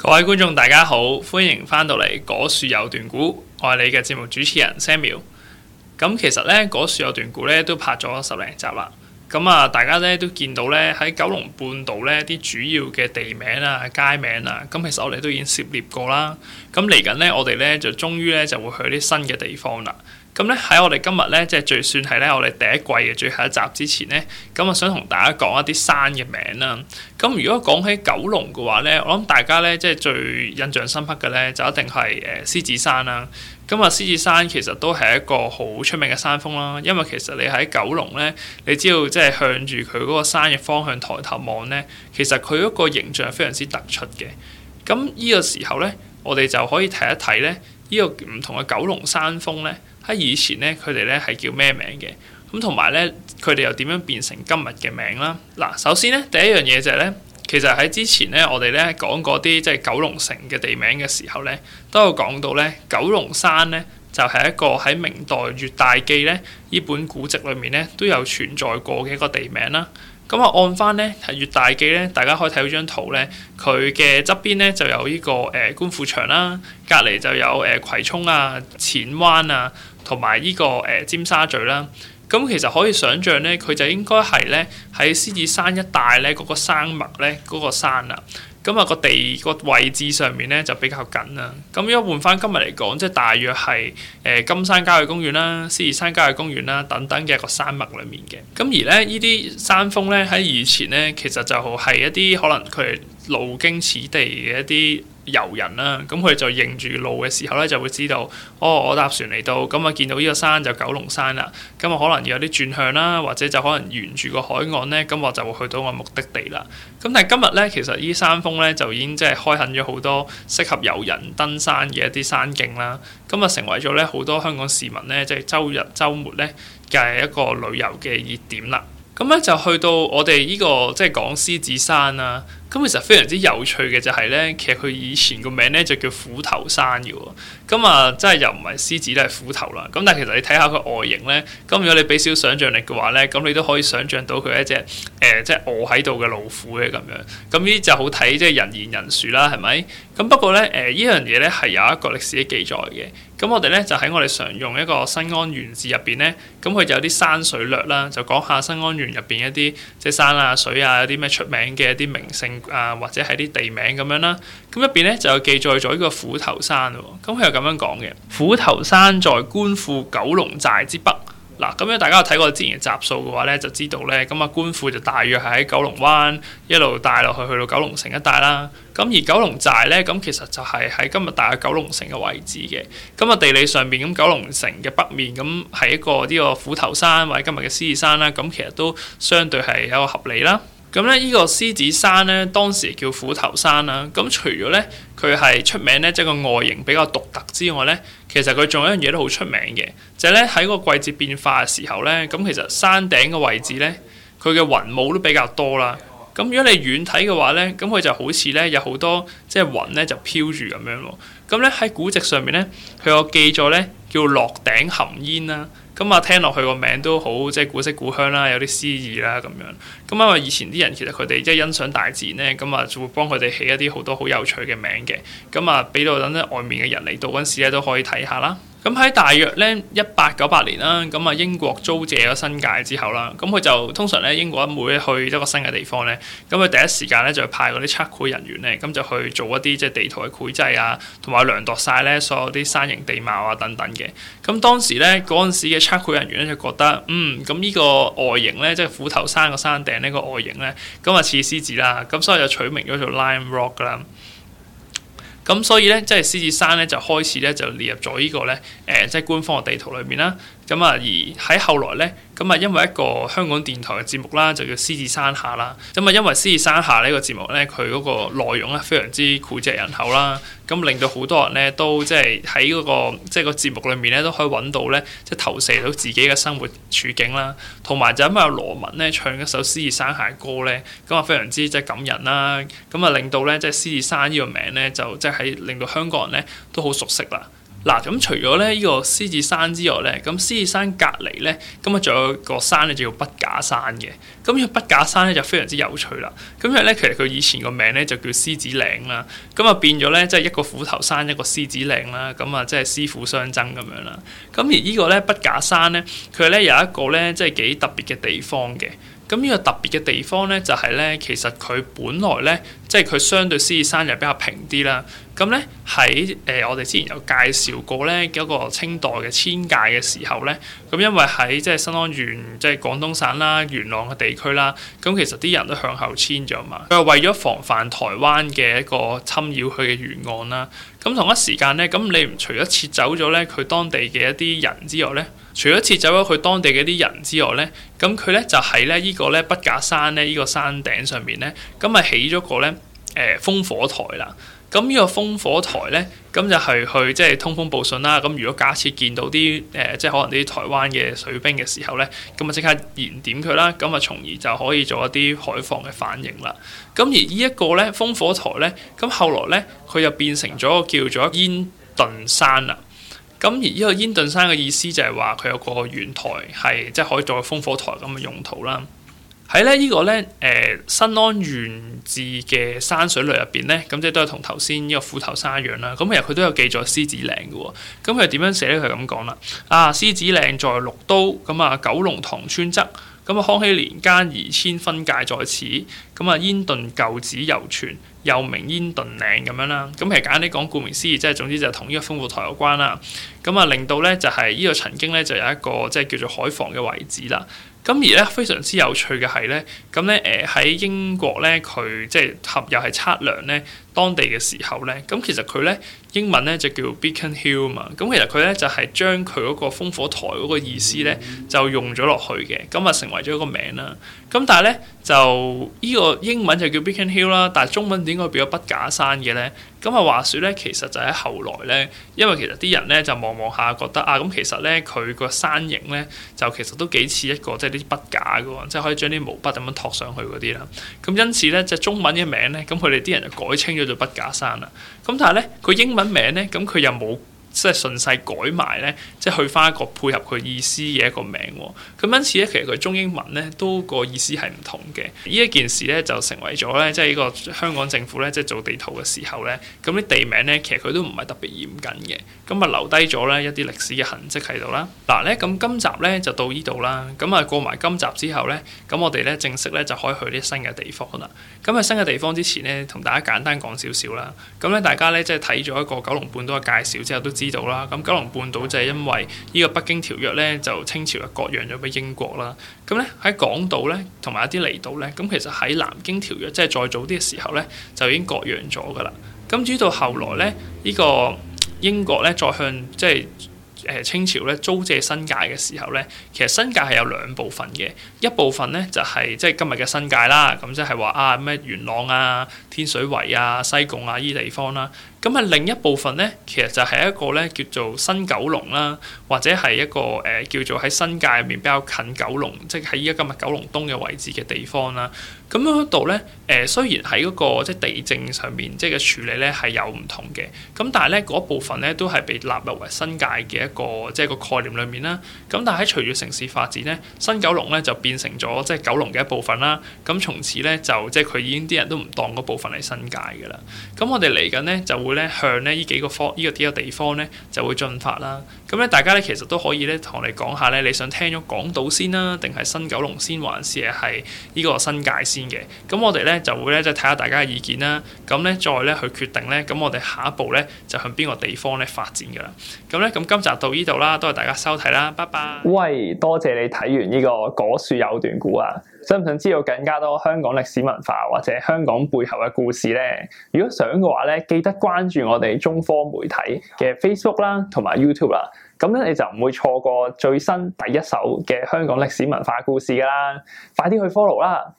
各位觀眾大家好，歡迎翻到嚟《果樹有段古》。我係你嘅節目主持人 Samuel。咁其實咧，《果樹有段古》咧都拍咗十零集啦。咁啊，大家咧都見到咧喺九龍半島咧啲主要嘅地名啊、街名啊，咁其實我哋都已經涉獵過啦。咁嚟緊咧，我哋咧就終於咧就會去啲新嘅地方啦。咁咧喺我哋今日咧即係最算係咧我哋第一季嘅最後一集之前咧，咁啊想同大家講一啲山嘅名啦。咁如果講起九龍嘅話咧，我諗大家咧即係最印象深刻嘅咧就一定係誒、呃、獅子山啦，啊。咁啊獅子山其實都係一個好出名嘅山峰啦，因為其實你喺九龍咧，你只要即係向住佢嗰個山嘅方向抬頭望咧，其實佢嗰個形象非常之突出嘅。咁呢個時候咧，我哋就可以睇一睇咧。呢個唔同嘅九龍山峯咧，喺以前咧，佢哋咧係叫咩名嘅？咁同埋咧，佢哋又點樣變成今日嘅名啦？嗱，首先咧，第一樣嘢就係咧，其實喺之前咧，我哋咧講嗰啲即係九龍城嘅地名嘅時候咧，都有講到咧，九龍山咧就係一個喺明代《粵大記》咧呢本古籍裏面咧都有存在過嘅一個地名啦。咁啊，按翻咧係粵大記咧，大家可以睇到張圖咧，佢嘅側邊咧就有依、這個誒、呃、官富場啦，隔離就有誒、呃、葵涌啊、淺灣啊，同埋依個誒、呃、尖沙咀啦。咁、嗯、其實可以想像咧，佢就應該係咧喺獅子山一帶咧嗰、那個那個山脈咧嗰個山啦。咁啊個地個位置上面咧就比較緊啦。咁如果換翻今日嚟講，即係大約係誒金山郊野公園啦、獅子山郊野公園啦等等嘅一個山脈裡面嘅。咁而咧呢啲山峰咧喺以前咧其實就係一啲可能佢路經此地嘅一啲遊人啦，咁佢就認住路嘅時候咧，就會知道，哦，我搭船嚟到，咁啊見到呢個山就九龍山啦，咁啊可能要有啲轉向啦，或者就可能沿住個海岸咧，咁我就會去到我目的地啦。咁但係今日咧，其實依山峰咧就已經即係開墾咗好多適合遊人登山嘅一啲山徑啦，咁啊成為咗咧好多香港市民咧，即係周日週末咧嘅一個旅遊嘅熱點啦。咁咧就去到我哋呢個即係講獅子山啦。咁其實非常之有趣嘅就係咧，其實佢以前個名咧就叫虎頭山嘅咁啊，真係又唔係獅子都係虎頭啦。咁但係其實你睇下佢外形咧，咁如果你俾少少想像力嘅話咧，咁你都可以想像到佢一隻誒、呃、即係臥喺度嘅老虎嘅咁樣。咁呢就好睇即係人言人殊啦，係咪？咁不過咧，誒、呃、呢樣嘢咧係有一個歷史嘅記載嘅。咁我哋咧就喺我哋常用一個《新安縣志》入邊咧，咁佢就有啲山水略啦，就講下新安縣入邊一啲即係山啊、水啊、有啲咩出名嘅一啲名勝。啊，或者係啲地名咁樣啦，咁入邊咧就記載咗呢個虎頭山，咁佢又咁樣講嘅。虎頭山在官富九龍寨之北，嗱，咁樣大家有睇過之前嘅集數嘅話咧，就知道咧，咁啊官富就大約係喺九龍灣一路帶落去，去到九龍城一帶啦。咁、啊、而九龍寨咧，咁其實就係喺今日大約九龍城嘅位置嘅。咁啊地理上邊，咁九龍城嘅北面，咁係一個呢個虎頭山或者今日嘅獅子山啦，咁、啊、其實都相對係有一個合理啦。咁咧，依個獅子山咧，當時叫虎頭山啦、啊。咁除咗咧，佢係出名咧，即係個外形比較獨特之外咧，其實佢仲有一樣嘢都好出名嘅，就係咧喺個季節變化嘅時候咧，咁其實山頂嘅位置咧，佢嘅雲霧都比較多啦。咁如果你遠睇嘅話咧，咁佢就好似咧有好多即係雲咧就飄住咁樣咯。咁咧喺古籍上面咧，佢有記載咧叫落頂含煙啦、啊。咁啊、嗯、聽落去個名都好即係古色古香啦，有啲詩意啦咁樣。咁、嗯、因為以前啲人其實佢哋即係欣賞大自然咧，咁、嗯、啊就會幫佢哋起一啲好多好有趣嘅名嘅。咁啊俾到等外面嘅人嚟到嗰陣時咧都可以睇下啦。咁、嗯、喺大約咧一八九八年啦，咁、嗯、啊英國租借咗新界之後啦，咁、嗯、佢就通常咧英國每一去一個新嘅地方咧，咁、嗯、佢第一時間咧就派嗰啲測繪人員咧，咁、嗯、就去做一啲即係地圖嘅繪製啊，同埋量度晒咧所有啲山形地貌啊等等嘅。咁、嗯、當時咧嗰陣時嘅測繪人員咧就覺得，嗯，咁呢個外形咧，即係虎頭山個山頂呢個外形咧，咁啊似獅子啦，咁所以就取名咗做 Lion Rock 啦。咁所以咧，即係獅子山咧，就開始咧就列入咗呢個咧，誒、呃，即係官方嘅地圖裏面啦。咁啊，而喺後來咧，咁啊，因為一個香港電台嘅節目啦，就叫《獅子山下》啦。咁啊，因為《獅子山下》呢個節目咧，佢嗰個內容咧，非常之膾炙人口啦。咁令到好多人咧，都即係喺嗰個即係個節目裏面咧，都可以揾到咧，即係投射到自己嘅生活處境啦。同埋就因為羅文咧唱一首《獅子山下》嘅歌咧，咁啊非常之即係感人啦。咁啊令到咧即係《獅子山》呢個名咧就即係令到香港人咧都好熟悉啦。嗱，咁、啊、除咗咧依個獅子山之外咧，咁獅子山隔離咧，咁啊仲有個山咧就叫筆架山嘅。咁呢個筆架山咧就非常之有趣啦。咁因為咧其實佢以前個名咧就叫獅子嶺啦，咁啊變咗咧即係一個虎頭山一個獅子嶺啦，咁啊即係師傅相爭咁樣啦。咁而個呢個咧筆架山咧，佢咧有一個咧即係幾特別嘅地方嘅。咁呢個特別嘅地方咧就係、是、咧其實佢本來咧即係佢相對獅子山就比較平啲啦。咁咧喺誒，我哋之前有介紹過咧一個清代嘅遷界嘅時候咧。咁、嗯、因為喺即係新安縣，即係廣東省啦、元朗嘅地區啦。咁、嗯、其實啲人都向後遷咗嘛。佢係為咗防範台灣嘅一個侵擾佢嘅沿岸啦。咁、嗯、同一時間咧，咁、嗯、你除咗撤走咗咧佢當地嘅一啲人之外咧，除咗撤走咗佢當地嘅一啲人之外咧，咁佢咧就喺咧呢、這個咧筆架山咧呢、這個山頂上面咧，咁咪起咗個咧誒烽火台啦。咁呢個烽火台咧，咁就係去即係、就是、通風報信啦。咁如果假設見到啲誒，即、呃、係、就是、可能啲台灣嘅水兵嘅時候咧，咁啊即刻燃點佢啦，咁啊從而就可以做一啲海防嘅反應啦。咁而呢，風呢，呢一個咧烽火台咧，咁後來咧佢又變成咗叫做煙墩山啦。咁而呢個煙墩山嘅意思就係話佢有個遠台，係即係可以做烽火台咁嘅用途啦。喺咧呢個咧誒新安縣志嘅山水類入邊咧，咁即係都係同頭先呢個虎頭山一樣啦。咁其實佢都有記載獅子嶺嘅喎。咁佢點樣寫咧？佢係咁講啦。啊，獅子嶺在六都，咁啊九龍塘村側。咁啊，康熙年間而遷分界在此。咁、嗯、啊，煙墩舊址猶存，又名煙墩嶺咁樣啦。咁其實簡單啲講，顧名思義，即係總之就係同呢個烽火台有關啦。咁、嗯、啊，令到咧就係呢個曾經咧就有一個即係叫做海防嘅位置啦。咁而咧非常之有趣嘅係咧，咁咧誒喺英國咧，佢即係合又係測量咧。當地嘅時候咧，咁其實佢咧英文咧就叫 Beacon Hill 嘛，咁其實佢咧就係將佢嗰個烽火台嗰個意思咧就用咗落去嘅，咁啊成為咗一個名啦。咁但係咧就呢個英文就叫 Beacon Hill 啦，但係中文點解會變咗筆架山嘅咧？咁啊話說咧，其實就喺後來咧，因為其實啲人咧就望望下覺得啊，咁其實咧佢個山形咧就其實都幾似一個即係啲筆架噶喎，即係可以將啲毛筆咁樣托上去嗰啲啦。咁因此咧，就中文嘅名咧，咁佢哋啲人就改稱咗。就不假山啦，咁但係咧，佢英文名咧，咁佢又冇。即係順勢改埋咧，即係去翻一個配合佢意思嘅一個名。咁、嗯、因此咧，其實佢中英文咧都個意思係唔同嘅。呢一件事咧就成為咗咧，即係呢個香港政府咧即係做地圖嘅時候咧，咁啲地名咧其實佢都唔係特別嚴謹嘅。咁啊留低咗咧一啲歷史嘅痕跡喺度啦。嗱咧咁今集咧就到呢度啦。咁啊過埋今集之後咧，咁我哋咧正式咧就可以去啲新嘅地方啦。咁啊新嘅地方之前咧，同大家簡單講少少啦。咁咧大家咧即係睇咗一個九龍半島嘅介紹之後都知。知道啦，咁、嗯、九龍半島就係因為呢個北京條約咧，就清朝嘅割讓咗俾英國啦。咁咧喺港島咧，同埋一啲離島咧，咁其實喺南京條約即係、就是、再早啲嘅時候咧，就已經割讓咗噶啦。咁至於到後來咧，呢、這個英國咧再向即係誒清朝咧租借新界嘅時候咧，其實新界係有兩部分嘅，一部分咧就係即係今日嘅新界啦，咁即係話啊咩元朗啊、天水圍啊、西貢啊依啲地方啦、啊。咁係另一部分咧，其實就係一個咧叫做新九龍啦，或者係一個誒、呃、叫做喺新界入面比較近九龍，即係喺依家今日九龍東嘅位置嘅地方啦。咁樣度咧，誒、呃、雖然喺嗰個即係地政上面即係嘅處理咧係有唔同嘅，咁但係咧嗰部分咧都係被納入為新界嘅一個，即係個概念裏面啦。咁但係喺隨住城市發展咧，新九龍咧就變成咗即係九龍嘅一部分啦。咁從此咧就即係佢已經啲人都唔當嗰部分係新界嘅啦。咁我哋嚟緊咧就。會咧向咧呢幾個方呢個幾個地方咧就會進發啦。咁咧大家咧其實都可以咧同我哋講下咧，你想聽咗港島先啦，定係新九龍先，還是係呢個新界先嘅？咁我哋咧就會咧即係睇下大家嘅意見啦。咁咧再咧去決定咧。咁我哋下一步咧就向邊個地方咧發展噶啦。咁咧咁今集到呢度啦，多謝大家收睇啦，拜拜。喂，多謝你睇完呢、這個果樹有段古啊！想唔想知道更加多香港歷史文化或者香港背後嘅故事咧？如果想嘅話咧，記得關注我哋中科媒體嘅 Facebook 啦，同埋 YouTube 啦。咁咧你就唔會錯過最新第一手嘅香港歷史文化故事噶啦。快啲去 follow 啦！